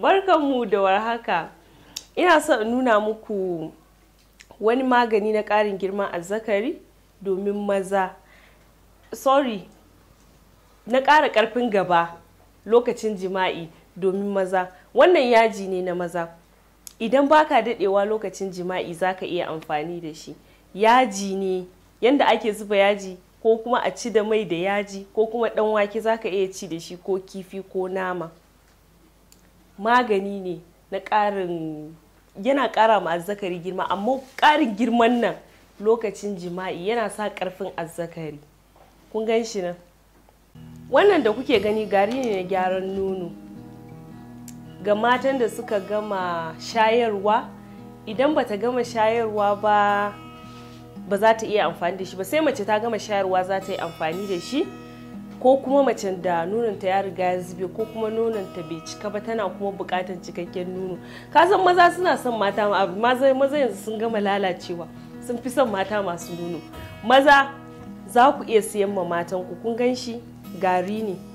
barkanmu da warhaka ina so in nuna muku wani magani na ƙarin girman azzakari domin maza sorry na ƙara ƙarfin gaba lokacin jima'i domin maza wannan yaji ne na maza idan baka daɗewa lokacin jima'i zaka iya amfani da shi yaji ne yadda ake zuba yaji ko kuma a ci da mai da yaji ko kuma ɗan wake zaka iya ci da shi ko kifi ko nama magani ne na ƙarin yana ƙara ma azzakari girma amma ƙarin girman nan lokacin jima'i yana sa ƙarfin azzakari kun gan shi nan wannan da kuke gani gari ne na gyaran nono ga matan da suka gama shayarwa idan ba ta gama shayarwa ba ba za ta iya amfani da shi ba sai mace ta gama shayarwa za ta yi amfani da shi ko kuma macen da ta ya riga ya zube ko kuma ta bai cika ba tana kuma bukatar cikakken nono ka san maza suna son mata maza maza yanzu sun gama lalacewa sun fi son mata masu nono maza za ku iya siyan ma matan ku kun gan shi gari ne